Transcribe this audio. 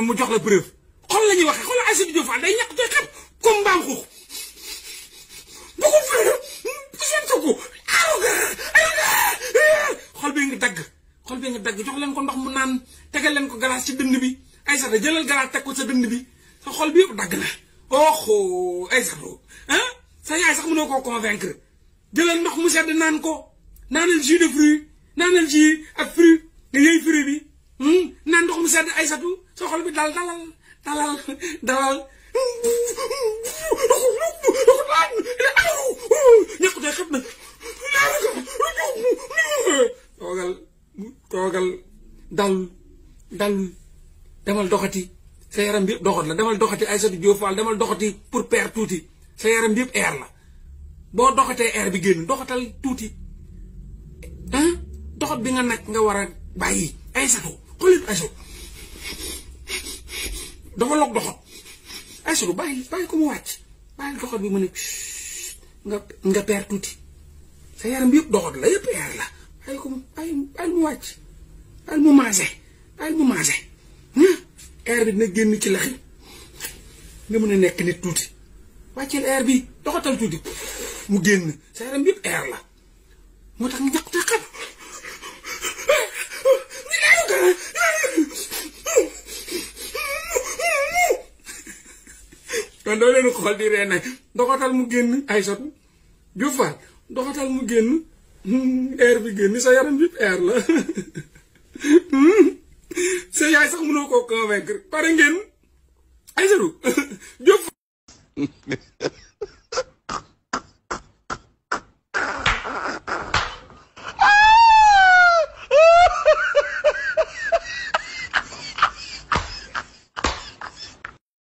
ñoom mu jox la preuve xol la ñuy waxee xol Aïssatou Diop Fall day ñàkk tey xam comme mbaam xuux bu ko fële Ousmane Sonko xol bi nga dagg xol bi nga dagg jox leen ko ndox mu naan tegal leen ko galaas ci dënd bi Aïssata jëlal teg ko sa dënd bi sa bi yëpp dagg na oxo Aïssata ah sa yaay sax mënoo koo convaincre jëlal ndox mu sedd naan ko naanal jus de fruit naanal jus ak fruit nga yëy fruit hmm? naan ndox mu sedd Aïssatu xol bi dal dalal toogal toogal dal dal demal doxati sa yaram bi yëpp doxat la demal doxati Aïssatou Diop Fall demal doxati pour peer tuuti sa yaram bi yëpp air la boo doxatee air bi génn doxatal tuuti ah doxat bi nga nekk nga war a bàyyi Aïssatou xoolal Aïssatou dafa log doxat Aïssatou bàyyi bàyyi ko mu wàcc bàyyi doxat bi mu ne nga tuuti sa yëpp doxat la yëpp peer la bàyyi ko mu mu wàcc bàyyi mu maase bàyyi mu air bi dina génn ci laxi nga mën a nekk nit tuuti wàcceel air bi doxatal tuuti mu génn sa yaram yëpp air la moo tax ñàkk mais doo leen xool di ree nag mu génn ay sot Diouf Fall mu génn hmm, air bi génn sa yaram yëpp air la hmm, sa yaay sax mënoo koo convaincre pare ngeen ay sot Diouf